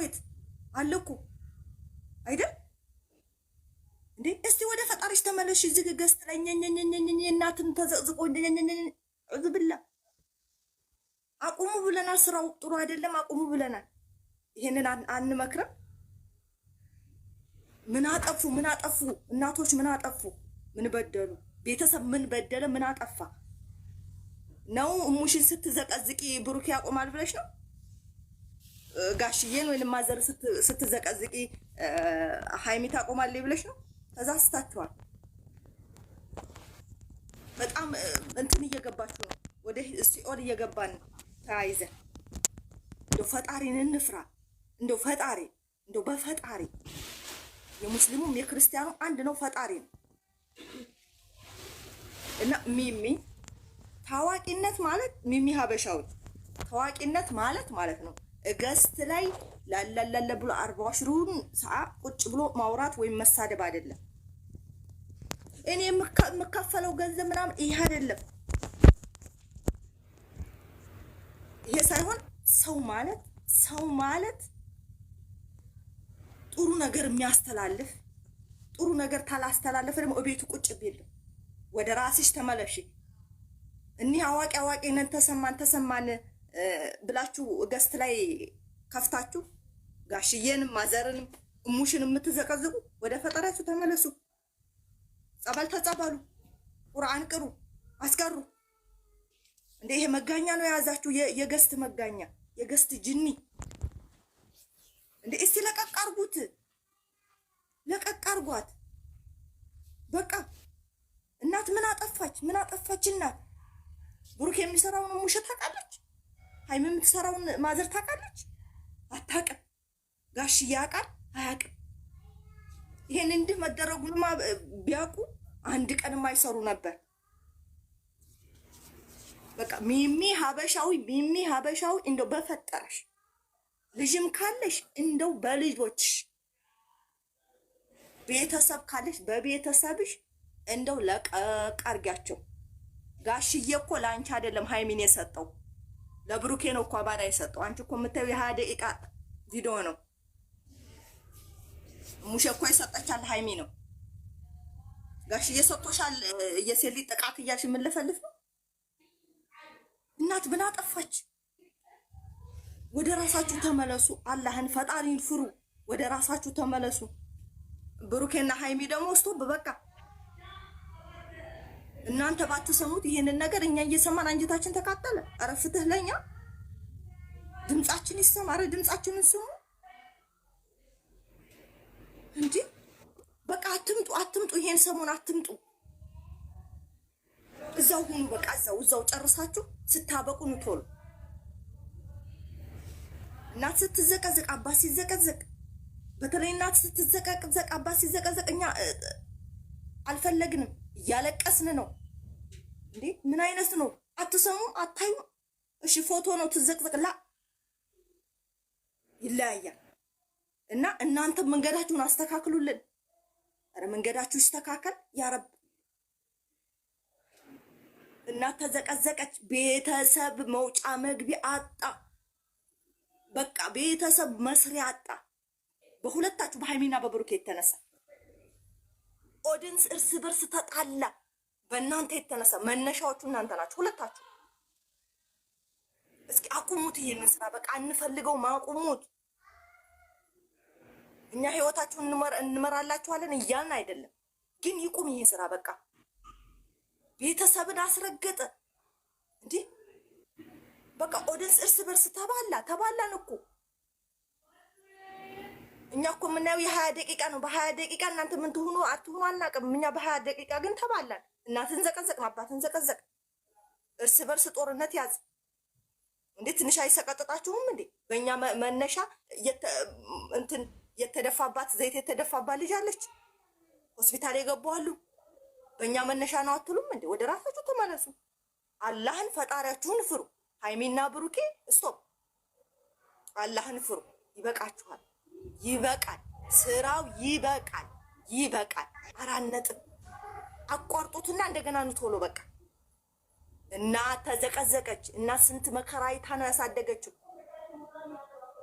ወይት አለኩ አይደል እንዴ? እስቲ ወደ ፈጣሪሽ ተመለሽ። እዚህ ገስት ላይ እናትን ተዘቅዝቆ ዝብላ አቁሙ ብለናል። ስራው ጥሩ አይደለም፣ አቁሙ ብለናል። ይሄንን አንመክርም። ምን አጠፉ? ምን አጠፉ? እናቶች ምን አጠፉ? ምን በደሉ? ቤተሰብ ምን በደለ? ምን አጠፋ ነው እሙሽን ስትዘቀዝቂ ብሩክ ያቆማል ብለሽ ነው ጋሽዬን ወይም ማዘር ስትዘቀዝቂ ሀይሚ ታቆማለች ብለሽ ነው። ከዛ ስታችኋል። በጣም እንትን እየገባችሁ ነው፣ ወደ ሲኦል እየገባን ተያይዘን። እንደው ፈጣሪን እንፍራ። እንደው ፈጣሪ እንደው በፈጣሪ የሙስሊሙም የክርስቲያኑ አንድ ነው፣ ፈጣሪ ነው። እና ሚሚ ታዋቂነት ማለት ሚሚ ሀበሻዊ ታዋቂነት ማለት ማለት ነው እገስት ላይ ላለለለ ብሎ አርባ ሽሩን ሰዓ ቁጭ ብሎ ማውራት ወይም መሳደብ አይደለም። እኔ የምከፈለው ገንዘብ ምናምን ይሄ አይደለም። ይሄ ሳይሆን ሰው ማለት ሰው ማለት ጥሩ ነገር የሚያስተላልፍ ጥሩ ነገር ካላስተላለፈ ደግሞ እቤቱ ቁጭ ቢል ወደ ራስሽ ተመለሽ። እኒህ አዋቂ አዋቂ ነን ተሰማን ተሰማን ብላችሁ ገስት ላይ ከፍታችሁ ጋሽዬንም ማዘርንም እሙሽን የምትዘቀዝቁ ወደ ፈጠራችሁ ተመለሱ። ጸበል ተጸበሉ፣ ቁርአን ቅሩ፣ አስቀሩ። እንደ ይሄ መጋኛ ነው የያዛችሁ፣ የገስት መጋኛ፣ የገስት ጅኒ። እንደ እስቲ ለቀቅ አርጉት፣ ለቀቅ አርጓት። በቃ እናት ምን አጠፋች? ምን አጠፋች እናት? ብሩክ የሚሰራውን እሙሽ ታውቃለች። ሀይሚ የምትሰራውን ማዘር ታውቃለች አታውቅም? ጋሽዬ ያውቃል አያውቅም? ይሄን እንዲህ መደረጉንማ ቢያውቁ አንድ ቀን የማይሰሩ ነበር። በቃ ሚሚ ሀበሻዊ ሚሚ ሀበሻዊ እንደው በፈጠረሽ ልጅም ካለሽ እንደው በልጆች ቤተሰብ ካለሽ በቤተሰብሽ እንደው ለቀቅ አድርጊያቸው። ጋሽዬ እኮ ለአንቺ አይደለም ሀይሚን የሰጠው ለብሩኬ ነው እኮ አባዳ የሰጠው። አንቺ እኮ የምታየው የሀያ ደቂቃ ቪዲዮ ነው። ሙሼ እኮ የሰጠቻል ሀይሚ ነው ጋሽ እየሰጥቶሻል። የሴሊ ጥቃት እያልሽ የምለፈልፍ ነው። እናት ብላ ጠፋች። ወደ ራሳችሁ ተመለሱ። አላህን ፈጣሪን ፍሩ። ወደ ራሳችሁ ተመለሱ። ብሩኬና ሀይሚ ደግሞ ስቶብ በቃ እናንተ ባትሰሙት ይሄንን ነገር እኛ እየሰማን አንጀታችን ተቃጠለ። ኧረ ፍትህ ለእኛ ድምጻችን ይሰማ። ኧረ ድምጻችንን ስሙ። እንዲህ በቃ አትምጡ፣ አትምጡ፣ ይሄን ሰሞን አትምጡ። እዛው ሁኑ። በቃ እዛው እዛው ጨርሳችሁ ስታበቁ ንቶሉ እናት ስትዘቀዘቅ አባት ሲዘቀዘቅ፣ በተለይ እናት ስትዘቀዘቅ አባት ሲዘቀዘቅ እኛ አልፈለግንም። እያለቀስን ነው እንዴ? ምን አይነት ነው? አትሰሙ አታዩም? እሺ ፎቶ ነው ትዘቅዘቅላ ይለያያል። እና እናንተ መንገዳችሁን አስተካክሉልን። ኧረ መንገዳችሁ ይስተካከል ያረብ። እና ተዘቀዘቀች፣ ቤተሰብ መውጫ መግቢያ አጣ። በቃ ቤተሰብ መስሪያ አጣ። በሁለታችሁ በሃይሚና በብሩኬ የተነሳ ኦድንስ እርስ በርስ ተጣላ። በእናንተ የተነሳ መነሻዎቹ እናንተ ናችሁ ሁለታችሁ። እስኪ አቁሙት፣ ይህን ስራ በቃ እንፈልገውም፣ አቁሙት። እኛ ህይወታችሁን እንመራላችኋለን እያልን አይደለም፣ ግን ይቁም ይህን ስራ በቃ። ቤተሰብን አስረገጠ እንዲህ በቃ ኦድንስ እርስ በርስ ተባላ። ተባላን እኮ እኛ እኮ የምናየው የሀያ ደቂቃ ነው። በሀያ ደቂቃ እናንተ ምን ትሆኑ አትሆኑ አናውቅም። እኛ በሀያ ደቂቃ ግን ተባላን። እናትን ዘቀዘቅ አባትን ዘቀዘቅ እርስ በርስ ጦርነት ያዝ እንዴ! ትንሽ አይሰቀጥጣችሁም እንዴ? በእኛ መነሻ እንትን የተደፋባት ዘይት የተደፋባት ልጅ አለች፣ ሆስፒታል የገባዋሉ። በእኛ መነሻ ነው አትሉም እንዴ? ወደ ራሳችሁ ተመለሱ። አላህን ፈጣሪያችሁን ፍሩ። ሀይሚና ብሩኬ እስቶፕ። አላህን ፍሩ። ይበቃችኋል። ይበቃል፣ ስራው ይበቃል፣ ይበቃል። አራት ነጥብ አቋርጡትና እንደገና ነው ቶሎ በቃ። እና ተዘቀዘቀች እና ስንት መከራ አይታ ነው ያሳደገችው።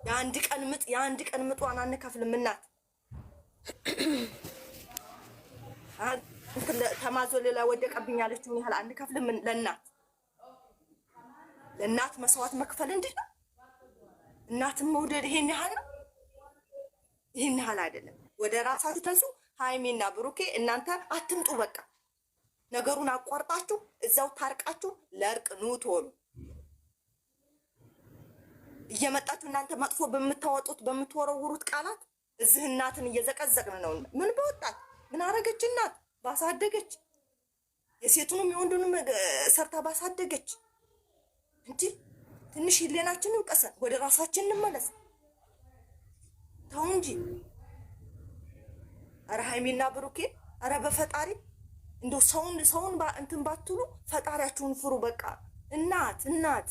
የአንድ ቀን ምጥ የአንድ ቀን ምጧን አንከፍልም እናት ተማዞ ሌላ ወደቀብኝ ያለችውን ያህል አንከፍልም ለእናት ለእናት መስዋዕት መክፈል እንዴ! ነው። እናትም መውደድ ይሄን ያህል ነው። ይህን ያህል አይደለም። ወደ ራሳችሁ ተንሱ። ሀይሜና ብሩኬ እናንተ አትምጡ። በቃ ነገሩን አቋርጣችሁ እዛው ታርቃችሁ ለእርቅ ኑ ቶሎ። እየመጣችሁ እናንተ መጥፎ በምታወጡት በምትወረውሩት ቃላት እዚህ እናትን እየዘቀዘቅን ነው። ምን በወጣት ምን አረገች? እናት ባሳደገች የሴቱንም የወንዱንም ሰርታ ባሳደገች። እንዲህ ትንሽ ህሌናችን ይውቀሰን፣ ወደ ራሳችን እንመለስ። ተው እንጂ። ኧረ ሀይሚና ብሩኬ፣ ኧረ በፈጣሪ እንዶ ሰውን ሰውን እንትን ባትሉ ፈጣሪያችሁን ፍሩ። በቃ እናት እናት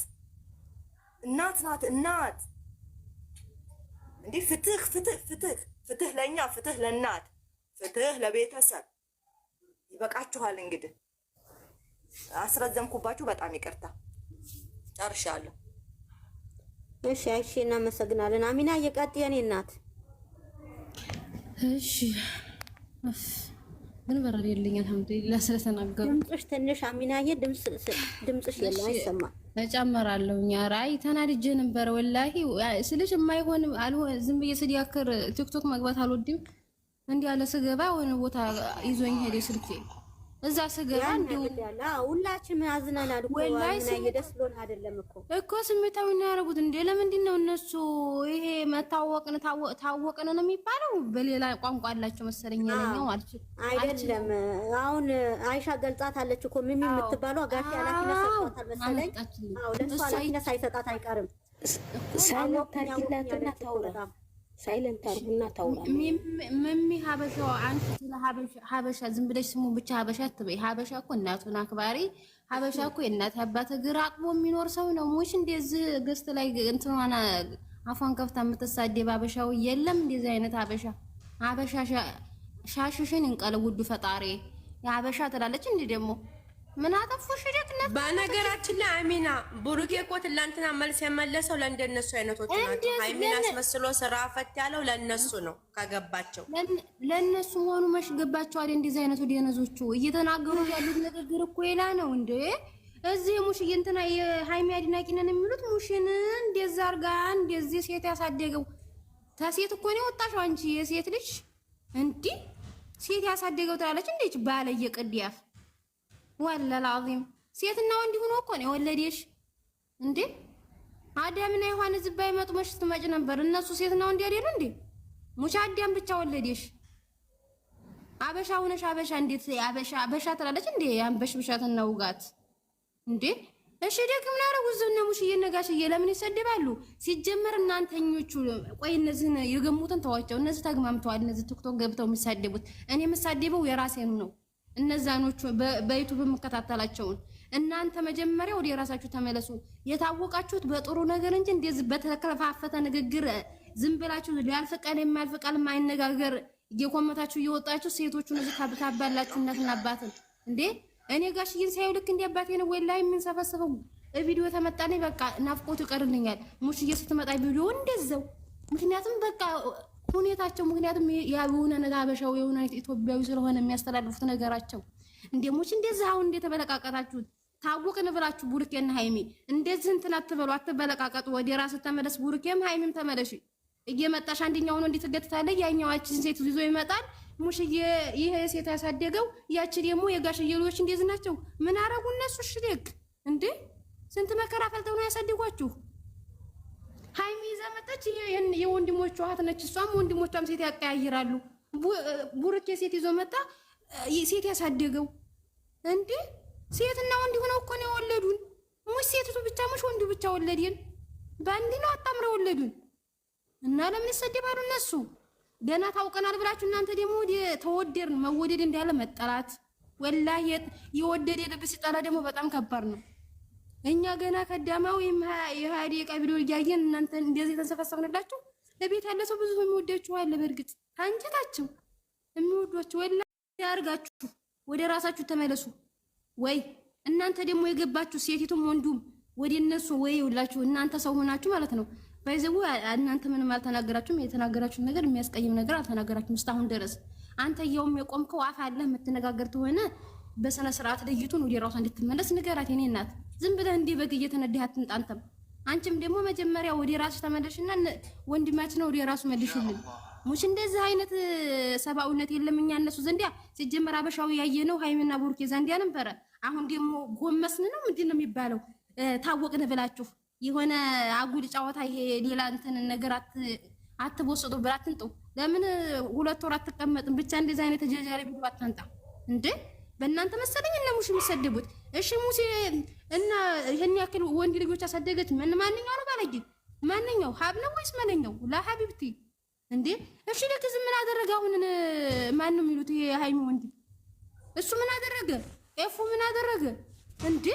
እናት ናት እናት እንዲህ ፍትህ ፍትህ ፍትህ ፍትህ ለእኛ ፍትህ ለእናት ፍትህ ለቤተሰብ ይበቃችኋል። እንግዲህ አስረዘምኩባችሁ፣ በጣም ይቅርታ። ጨርሻለሁ። እሺ፣ አይሺ እናመሰግናለን። አሚና እየቀጥ የኔ እናት እሺ ምን በረር የለኝ። አልሐምዱሊላህ ስለተናገሩ ድምፅሽ ትንሽ አሚናዬ ድምፅሽ የለም አይሰማም። እጨምራለሁ ኧረ ራይ ተናድጄ ነበረ ወላሂ ስልሽ የማይሆን አልሆ ዝም ብዬ ስዲያክር ቲክቶክ መግባት አልወድም። እንዲህ ያለ ስገባ ሆነ ቦታ ይዞኝ ሄደ ስልኬ እዛ ስገባ እንዲሁ ሁላችን ምን አዝናናል እኮ ደስ ብሎን አይደለም እኮ እኮ ስሜታዊ ነው ያደረጉት እንዴ። ለምንድን ነው እነሱ ይሄ መታወቅን ታወቅን ነው የሚባለው? በሌላ ቋንቋ አላቸው መሰለኝ ያለኛው አይደለም። አሁን አይሻ ገልጻት አለች እኮ ሚሚ የምትባለው አጋፊ ኃላፊነት ሰጥቷታል መሰለኝ። አዎ ለእሱ ኃላፊነት ሳይሰጣት አይቀርም። ሳይወታኪላትና ታውራ ሳይለንት አርጉና ታውራ ሀበሻ አንቺ ስለ ሀበሻ ዝም ብለሽ ስሙ ብቻ ሀበሻ ትበይ። ሀበሻ እኮ እናቱን አክባሪ፣ ሀበሻ እኮ የእናት አባት እግር አቅቦ የሚኖር ሰው ነው። ሙሽ እንደዚህ ገስት ላይ እንትኗና አፏን ከፍታ የምትሳደብ ሀበሻው የለም። እንደዚህ አይነት ሀበሻ ሀበሻ ሻሽሽን እንቀለ ውዱ ፈጣሪ የሀበሻ ትላለች እንዲህ ደግሞ ምን አጠፉሽ? ሂደትነት በነገራችን ላይ አሚና ቡሩኬ እኮ ትላንትና መልስ የመለሰው ለእንደነሱ አይነቶች ናቸው። አሚና አስመስሎ ስራ ፈት ያለው ለእነሱ ነው። ከገባቸው ለእነሱ መሆኑ መሽ ገባቸዋል። እንደዚህ አይነቱ ደነዞቹ እየተናገሩ ያሉት ንግግር እኮ ሌላ ነው እንዴ! እዚህ ሙሽ እንትና የሀይሚ አድናቂ ነን የሚሉት ሙሽን እንደዛ አርጋ እንደዚህ ሴት ያሳደገው ተሴት እኮ ነው ወጣሽ አንቺ የሴት ልጅ እንዲህ ሴት ያሳደገው ትላለች እንዴች ባለየ ቅድያፍ ወላሂ አዚም ሴትና ወንድ ሆኖ እኮ ነው የወለደሽ እንዴ? አዳምና ዮሐንስ ዝባ ይመጥመሽ ስትመጪ ነበር። እነሱ ሴትና ወንድ አይደሉ እንዴ? ሙቻ አዳም ብቻ ወለደሽ። አበሻ ሆነሽ አበሻ እንዴት አበሻ አበሻ ትላለች እንዴ? አንበሽ ብሻትና ውጋት እንዴ? እሺ ደግ ምን አረጉ? ዘነ ሙሽዬ ነጋሽዬ ለምን ይሰደባሉ? ሲጀመር እናንተኞቹ ቆይ እነዚህን የገሙትን ተዋቸው። እነዚህ ተግማምተዋል። እነዚህ ቲክቶክ ገብተው የሚሳደቡት እኔ የምሳደበው የራሴን ነው። እነዛኖቹ በዩቱብ የምከታተላቸውን እናንተ መጀመሪያ ወደ የራሳችሁ ተመለሱ። የታወቃችሁት በጥሩ ነገር እንጂ እንደዚህ በተከፋፈተ ንግግር ዝም ብላችሁ ሊያልፍ ቀን የማያልፍ ማይነጋገር እየኮመታችሁ እየወጣችሁ ሴቶቹን እዚህ ታባላችሁ እናትና አባትን እንዴ እኔ ጋሽዬን ሳየው ልክ እንደ አባቴ ነው ወይ ላይ የምንሰፈሰፈው ቪዲዮ ተመጣኔ በቃ ናፍቆት ይቀርልኛል። ሙሽዬ ስትመጣ ቪዲዮ እንደዛው ምክንያቱም በቃ ሁኔታቸው ምክንያቱም የሆነ ነ የሆነ ኢትዮጵያዊ ስለሆነ የሚያስተላልፉት ነገራቸው እንደሞች እንደዚህ አሁን እንደተበለቃቀጣችሁት ታወቅን ብላችሁ ቡርኬን ሀይሚ እንደዚህ እንትን አትበሉ፣ አትበለቃቀጡ። ወደ ራስ ተመለስ። ቡርኬም ሀይሚም ተመለሽ። እየመጣሽ አንደኛው ነው እንዲትገትታለ ያኛዋችን ሴት ይዞ ይመጣል። ሙሽዬ ይሄ ሴት ያሳደገው ያቺ ደግሞ የጋሽዬ ልጆች እንደዚህ ናቸው። ምን አረጉ እነሱ? ሽዴቅ እንዴ ስንት መከራ ፈልተው ነው ያሳደጓችሁ። ሀይሚ ይዛ መጣች። የወንድሞቿ እህት ነች። እሷም ወንድሞቿም ሴት ያቀያይራሉ። ቡርኬ ሴት ይዞ መጣ። ሴት ያሳደገው እንዴ! ሴትና ወንድ ሆነው እኮ ነው የወለዱን። ሙሽ ሴቱ ብቻ ሙሽ ወንዱ ብቻ ወለድን። በአንድ ነው አጣምረው የወለዱን እና ለምን ይሰደባሉ እነሱ? ገና ታውቀናል ብላችሁ እናንተ ደግሞ ተወደድን። መወደድ እንዳለ መጠላት ወላሂ፣ የወደደ ልብ ሲጠላ ደግሞ በጣም ከባድ ነው። እኛ ገና ከዳማው የሃዲ ቀብዶ እያየን እናንተ እንደዚህ የተንሰፈሰፍንላችሁ ለቤት ያለ ሰው ብዙ የሚወዳችሁ አለ። በእርግጥ አንጀታቸው የሚወዷችሁ ወላ ያርጋችሁ። ወደ ራሳችሁ ተመለሱ። ወይ እናንተ ደግሞ የገባችሁ ሴቲቱም ወንዱም ወደ እነሱ ወይ ይውላችሁ እናንተ ሰው ሆናችሁ ማለት ነው። ባይዘው እናንተ ምንም አልተናገራችሁም። የተናገራችሁት ነገር የሚያስቀይም ነገር አልተናገራችሁም እስካሁን ድረስ። አንተ እያውም የቆምከው አፍ አለህ የምትነጋገር ከሆነ በስነ ስርዓት ለይቱን ወደ ራሷ እንድትመለስ ንገራት የኔ እናት። ዝም ብለህ እንደ በግ እየተነዳህ አትምጣ። አንተም አንቺም ደግሞ መጀመሪያ ወደ ራስሽ ተመለሽና ወንድማችን ነው ወደ ራሱ መልሽልን። ሙሽ እንደዚህ አይነት ሰብአዊነት የለም እኛ እነሱ ዘንዲያ ሲጀመር አበሻው ያየነው ሃይምና ቡርኬ ዘንዲያ ነበረ። አሁን ደግሞ ጎመስን ነው ምንድን ነው የሚባለው? ታወቅን ብላችሁ የሆነ አጉል ጨዋታ ይሄ ሌላ እንትን ነገር አትቦስጡ ብላ አትንጡ። ለምን ሁለት ወር አትቀመጥም? ብቻ እንደዚህ አይነት ተጀጃሪ ቢሉ አታንጣ እንዴ! በእናንተ መሰለኝ እነ ሙሽ የሚሰድቡት እሺ ሙሴ እና ይሄን ያክል ወንድ ልጆች አሳደገች። ምን ማንኛው ነው ባለጌ? ማንኛው ሀብ ነው ወይስ መለኛው ለሀቢብቲ እንዴ! እሺ ልክ ዝም ምን አደረገ? አሁን ማን ነው የሚሉት? ይሄ ሃይሚ ወንድ እሱ ምን አደረገ? ኤፉ ምን አደረገ? እንዴ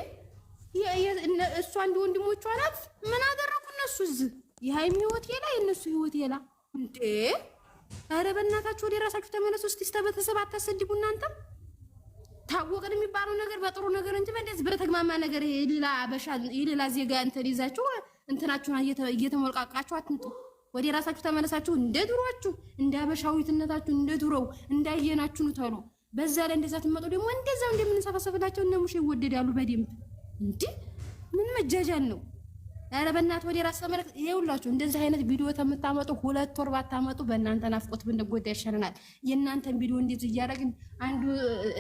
እሱ አንድ ወንድሞቿ ናት። ምን አደረጉ እነሱ? እዚህ የሃይሚ ህይወት የላ የእነሱ ህይወት የላ እንዴ! ኧረ በእናታችሁ ወደ ራሳችሁ ተመለሱ። እስቲ ቤተሰብ አታሰድቡ እናንተም ታወቅን የሚባለው ነገር በጥሩ ነገር እንጂ በእንደዚህ በተግማማ ነገር የሌላ የሌላ ዜጋ እንትን ይዛችሁ እንትናችሁን እየተሞልቃቃችሁ አትምጡ። ወደ ራሳችሁ ተመለሳችሁ። እንደ ድሮችሁ እንደ አበሻዊትነታችሁ እንደ ድሮው እንዳየናችሁ ነው ተሉ። በዛ ላይ እንደዛ ትመጡ ደግሞ እንደዛው እንደምንሰፈሰፍላቸው እነሙሽ ይወደዳሉ በደንብ እንዲህ ምን መጃጃን ነው? ኧረ በእናት ወደ ራስ ተመለከት። ይኸውላችሁ እንደዚህ አይነት ቪዲዮ ከምታመጡ ሁለት ወር ባታመጡ በእናንተ ናፍቆት ብንጎዳ ይሻለናል። የእናንተን ቪዲዮ እንዴት እያደረግን አንዱ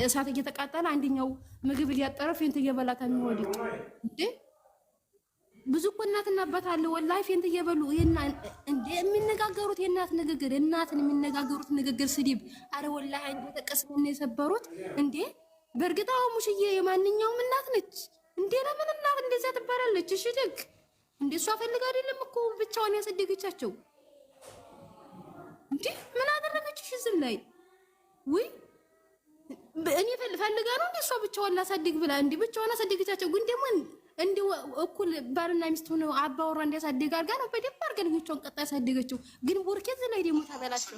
እሳት እየተቃጠለ አንደኛው ምግብ እያጠረ ፌንት እየበላ ከሚወድቅ እንዴ ብዙ እኮ እናትና አባት አለ ወላሂ ፌንት እየበሉ እንደ የሚነጋገሩት የእናት ንግግር እናትን የሚነጋገሩት ንግግር ስድብ። አረ ወላሂ አንዱ ተቀስመን የሰበሩት እንዴ። በእርግጥ ሙሽዬ የማንኛውም እናት ነች እንዴ። ለምን እናት እንደዚያ ትባላለች? እሺ ደግ እንዴ እሷ ፈልጋ አይደለም እኮ ብቻዋን ያሰደገቻቸው። እንዴ ምን አደረገችሽ እዚህ ላይ? ውይ እኔ ፈልጋ ነው እንዴ እሷ ብቻዋን ላሳድግ ብላ እንዴ ብቻዋን አሳደገቻቸው። ግን ደግሞ እንዴ እኩል ባልና ሚስት ሆነው አባወራ እንዲያሳድግ አድርጋ ነው በደንብ አድርጋ ልጆቿን ቀጣ ያሳደገችው። ግን ወርኬ እዚህ ላይ ደግሞ ተበላቸው።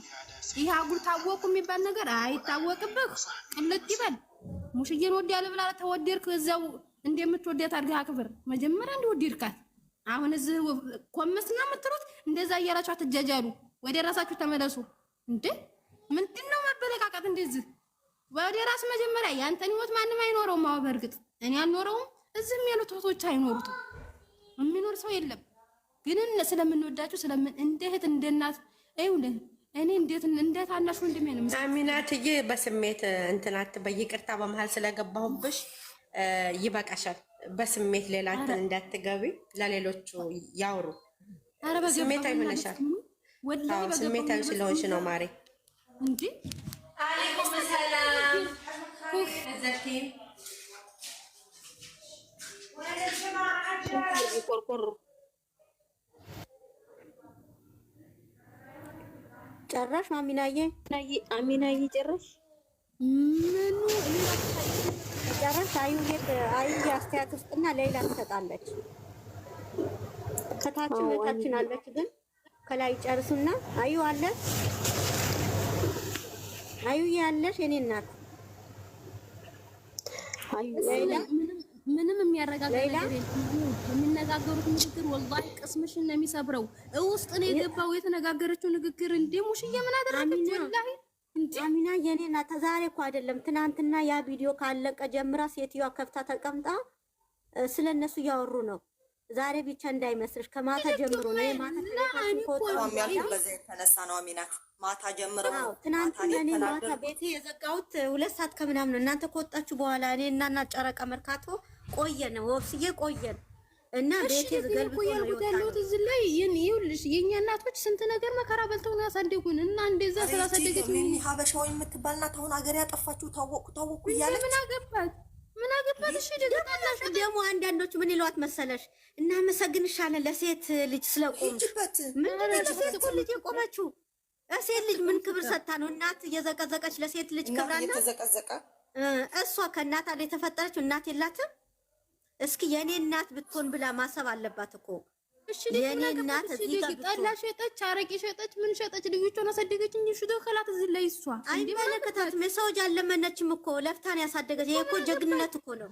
ይሄ አጉል ታወቁ የሚባል ነገር አይታወቅብህ፣ ቅልጥ ይበል። ሙሽዬን ወድ ብላ ተወደድክ፣ እዛው እንደምትወዳት አድርጋ አክብር። መጀመሪያ እንዲወደድካት አሁን እዚህ ኮምስ ነው የምትሉት። እንደዛ እያላችሁ አትጃጃሉ፣ ወደ ራሳችሁ ተመለሱ። እንዴ ምንድን ነው መበለቃቀጥ? እንደዚህ ወደ ራስ መጀመሪያ። ያንተን ህይወት ማንም አይኖረውም። አዎ በእርግጥ እኔ አልኖረውም፣ እዚህም ያሉት እህቶች አይኖሩትም። የሚኖር ሰው የለም። ግን ስለምንወዳችሁ ስለምን እንደ እህት እንደ እናት ይኸውልህ እኔ እንዴት እንዴት አናሽ ወንድሜ ነው አሚናትዬ፣ በስሜት እንትናት በይቅርታ በመሀል ስለገባሁብሽ ይበቃሻል። በስሜት ሌላትን እንዳትገቢ ለሌሎቹ ያውሩ። ስሜታዊ ሆነሻል። ስሜታዊ ስለሆንሽ ነው ማሬ። እንዲ አሌኩም ሰላም ጨራሽ አሚናዬ አሚናዬ ጨራሽ ምኑ ሲጨርስ አዩ አስተያየት ውስጥና ሌላ ትሰጣለች። ከታችን በታችን አለች፣ ግን ከላይ ጨርሱና አዩ አለ አዩ ያለሽ የኔ እናት ምንም የሚያረጋጋ ነገር የሚነጋገሩት ንግግር ወላሂ ቅስምሽን ነው የሚሰብረው። ውስጥ ነው የገባው የተነጋገረችው ንግግር እንዴ ሙሽዬ ምን አደረገች ወላሂ አሚና የኔ ናት። ዛሬ እኮ አይደለም ትናንትና ያ ቪዲዮ ካለቀ ጀምራ ሴትዮዋ ከፍታ ተቀምጣ ስለ እነሱ እያወሩ ነው። ዛሬ ብቻ እንዳይመስልሽ ከማታ ጀምሮ ነው። የማታ የተነሳ ነው አሚና ማታ ጀምረው ትናንትና እኔ ማታ ቤቴ የዘጋሁት ሁለት ሰዓት ከምናምን እናንተ ከወጣችሁ በኋላ እኔ እና ጨረቃ መርካቶ ቆየን፣ ወብስዬ ቆየን እና ቤቴ ያልኩት እዚህ ላይ ይኸውልሽ፣ የእኛ እናቶች ስንት ነገር መከራ በልተው ነው ያሳደጉን። እና እንደዛ ስላሳደገች ሀበሻዊ የምትባል ናት። አሁን ሀገር ያጠፋችሁ ታወቁ ታወቁ እያለች ምን አገባት ምን አገባት? እሺ ደግሞ አንዳንዶች ምን ይሏት መሰለሽ? እናመሰግንሻለን ለሴት ልጅ ስለቆምሽ። ሴት እኮ ልጅ የቆመችው ለሴት ልጅ ምን ክብር ሰታ ነው? እናት እየዘቀዘቀች ለሴት ልጅ ክብራና እሷ ከእናት የተፈጠረችው እናት የላትም እስኪ የኔ እናት ብትሆን ብላ ማሰብ አለባት እኮ። የኔ እናት እዚህ ጋር ጠላ ሸጠች፣ አረቂ ሸጠች፣ ምን ሸጠች፣ ልጆቿን አሳደገች እንጂ ሽዶ ከላት እዚህ ላይ እሷ አይመለከታትም። የሰው ልጅ አለመነችም እኮ ለፍታን ያሳደገች። ይሄ እኮ ጀግንነት እኮ ነው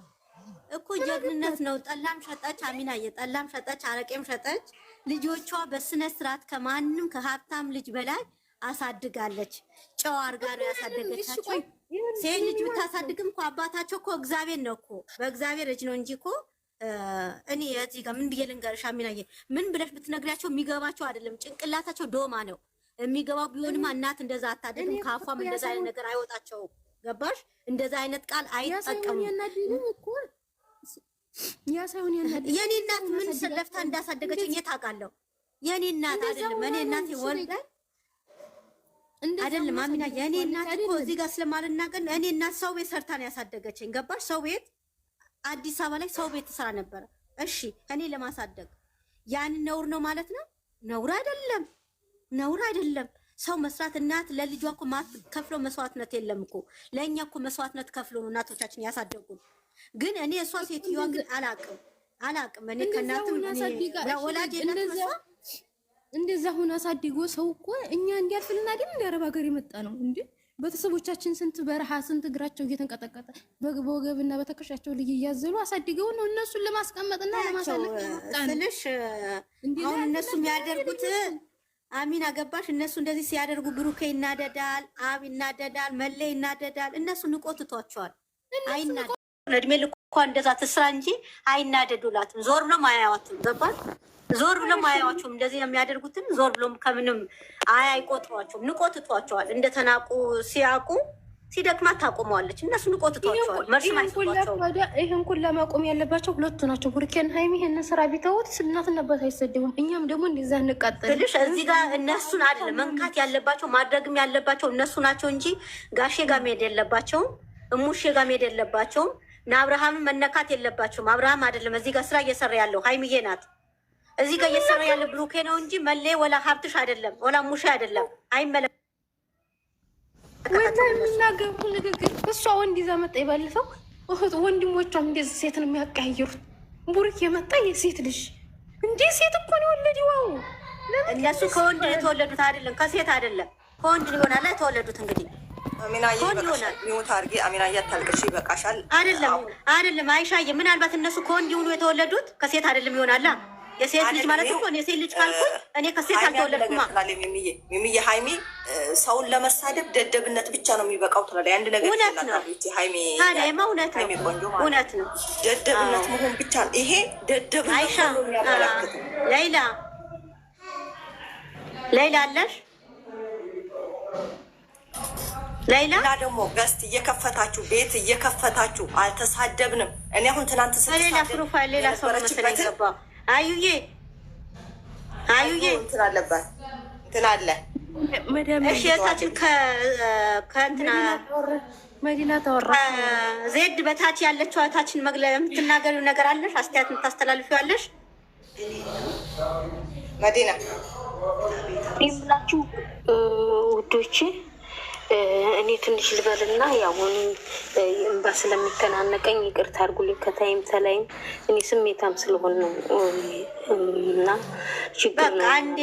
እኮ ጀግንነት ነው። ጠላም ሸጠች፣ አሚናዬ ጠላም ሸጠች፣ አረቄም ሸጠች። ልጆቿ በስነ ስርዓት ከማንም ከሀብታም ልጅ በላይ አሳድጋለች። ጨው አርጋ ነው ያሳደገቻቸው። ሴት ልጅ ብታሳድግም እኮ አባታቸው እኮ እግዚአብሔር ነው እኮ በእግዚአብሔር ልጅ ነው እንጂ እኮ እኔ እዚህ ጋር ምን ብዬ ልንገርሽ አሚናዬ፣ ምን ብለሽ ብትነግሪያቸው የሚገባቸው አይደለም። ጭንቅላታቸው ዶማ ነው የሚገባው። ቢሆንማ እናት እንደዛ አታደግም፣ ከአፏም እንደዛ አይነት ነገር አይወጣቸው ገባሽ? እንደዛ አይነት ቃል አይጠቀሙም። የኔ እናት ምን ስለፍታ እንዳሳደገችው የት አውቃለሁ? የኔ እናት አይደለም እኔ እናቴ ወልዳኝ አይደለም አሚና፣ የእኔ እናት እኮ እዚህ ጋር ስለማልናገር እኔ እናት ሰው ቤት ሰርታ ነው ያሳደገችኝ። ገባሽ? ሰው ቤት አዲስ አበባ ላይ ሰው ቤት ስራ ነበረ። እሺ፣ እኔ ለማሳደግ ያን ነውር ነው ማለት ነው? ነውር አይደለም፣ ነውር አይደለም። ሰው መስራት እናት ለልጇ እኮ ከፍሎ መስዋዕትነት የለም እኮ። ለእኛ እኮ መስዋዕትነት ከፍሎ ነው እናቶቻችን ያሳደጉን። ግን እኔ እሷ ሴትዮዋ ግን አላቅም፣ አላቅም እኔ ከእናትም ወላጅ እናት መስዋዕት እንደዛ ሆኖ አሳድጎ ሰው እኮ እኛ እንዲያልፍልና ግን እንደ አረብ ሀገር የመጣ ነው እንዴ? ቤተሰቦቻችን ስንት በረሃ ስንት እግራቸው እየተንቀጠቀጠ በወገብ በወገብና በተከሻቸው ልጅ እያዘሉ አሳድገው ነው እነሱን ለማስቀመጥና ለማሳለፍ አሁን እነሱ የሚያደርጉት አሚን አገባሽ። እነሱ እንደዚህ ሲያደርጉ ብሩኬ ይናደዳል፣ አብ ይናደዳል፣ መሌ ይናደዳል። እነሱ ንቆ ትቷቸዋል። አይናደ እድሜ ልኳ እንደዛ ትስራ እንጂ አይናደዱላትም። ዞር ነው ማያዋትም። ገባል ዞር ብሎም አያዋቸውም። እንደዚህ የሚያደርጉትን ዞር ብሎም ከምንም አያ አይቆጥሯቸውም። ንቆ እንደተናቁ ሲያውቁ ሲደክማት ታቆመዋለች። እነሱ ንቆትቷቸዋል። ይህን ኩን ለማቆም ያለባቸው ሁለቱ ናቸው። ቡርኬን ሀይሚ ይህንን ስራ ቢተውት እናትና አባት እኛም ደግሞ እንደዛ እንቃጠልሽ። እዚህ ጋር እነሱን አይደለም መንካት ያለባቸው ማድረግም ያለባቸው እነሱ ናቸው እንጂ ጋሼ ጋር መሄድ የለባቸውም። እሙሼ ጋር መሄድ የለባቸውም። እና አብርሃምን መነካት የለባቸውም። አብርሃም አይደለም እዚህ ጋር ስራ እየሰራ ያለው ሀይሚዬ ናት። እዚህ ጋር እየሰራ ያለ ብሎኬ ነው እንጂ መሌ ወላ ሀብትሽ አይደለም፣ ወላ ሙሽ አይደለም። አይመለከትም። ወይና የምናገሩ ንግግር እሷ ወንድ ይዛ መጣ። የባለፈው ወንድሞቿ እንደዚህ ሴትን የሚያቀያይሩት ቡሩክ የመጣ የሴት ልጅ እንዴ ሴት እኮ ነው የወለድ ዋው እነሱ ከወንድ የተወለዱት አይደለም፣ ከሴት አይደለም፣ ከወንድ ሊሆናለ የተወለዱት እንግዲህ አሚና እያታልቅሽ አይደለም አይሻዬ ምናልባት እነሱ ከወንድ ሆኑ የተወለዱት ከሴት አይደለም ይሆናላ የሴት ልጅ ማለት እኮ የሴት ልጅ ካልኩኝ እኔ ከሴት አልተወለድኩማ። ሚሚዬ ሀይሜ ሰውን ለመሳደብ ደደብነት ብቻ ነው የሚበቃው ትላለች። አንድ ነገር እውነት ነው እውነት ነው እውነት ነው። ደደብነት መሆን ብቻ ነው ይሄ ደደብነት ነው ሌላ ሌላ አለሽ ሌላ ደግሞ ገስት እየከፈታችሁ ቤት እየከፈታችሁ አልተሳደብንም። እኔ አሁን ትናንት ሌላ ፕሮፋይል ሌላ ሰው መሰለኝ ገባ አዩዬ አዩዬ እንትን አለባት እንትን አለ። እሺ የታችን ከእንትና መዲና ተወራ ዜድ በታች ያለችው እህታችን መግለ የምትናገሪው ነገር አለሽ? አስተያየት የምታስተላልፊው አለሽ? መዲና እኔ ውዶቼ እኔ ትንሽ ልበልና ያሁኑ እንባ ስለሚተናነቀኝ ይቅርታ አድርጉልኝ። ከታይም ተላይም እኔ ስሜታም ስለሆን ነው እና ችግር አንዴ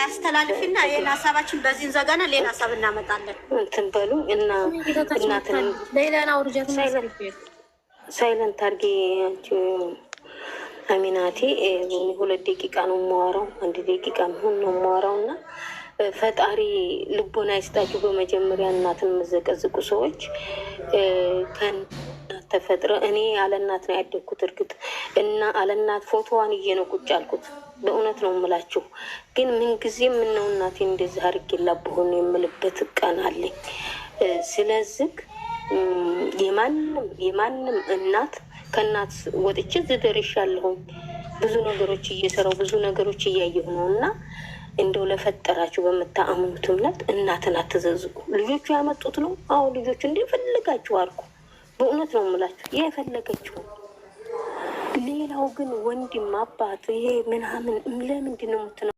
አስተላልፊና ሌላ ሀሳባችን በዚህ እንዘጋና ሌላ ሀሳብ እናመጣለን። እንትን በሉ እና እናትን ሌላና ውርጃት ሳይለንት አድርጌ አሚናቴ ሁለት ደቂቃ ነው የማወራው አንድ ደቂቃ ሆን ነው የማወራው እና ፈጣሪ ልቦና ይስጣችሁ። በመጀመሪያ እናትን የምዘቀዝቁ ሰዎች ከእናት ተፈጥረ እኔ ያለ እናት ነው ያደግኩት። እርግጥ እና አለ እናት ፎቶዋን እየ ነው ቁጭ አልኩት። በእውነት ነው የምላችሁ። ግን ምንጊዜ የምነው እናቴ እንደዚህ አድርጌላ በሆነ የምልበት ቀን አለኝ። ስለዚህ የማንም የማንም እናት ከእናት ወጥቼ ዝደርሻለሁኝ ብዙ ነገሮች እየሰራው ብዙ ነገሮች እያየሁ ነው እና እንደው ለፈጠራችሁ በምታአምኑት እምነት እናትን አትዘዝቁ። ልጆቹ ያመጡት ነው። አዎ ልጆቹ እንደ ፈለጋችሁ በእውነት ነው የምላችሁ የፈለገችው። ሌላው ግን ወንድም አባት ይሄ ምናምን ለምንድን ነው የምትነው?